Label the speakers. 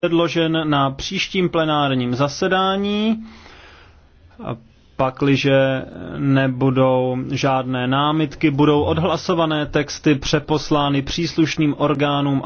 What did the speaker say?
Speaker 1: předložen na příštím plenárním zasedání. A pakliže nebudou žádné námitky, budou odhlasované texty přeposlány příslušným orgánům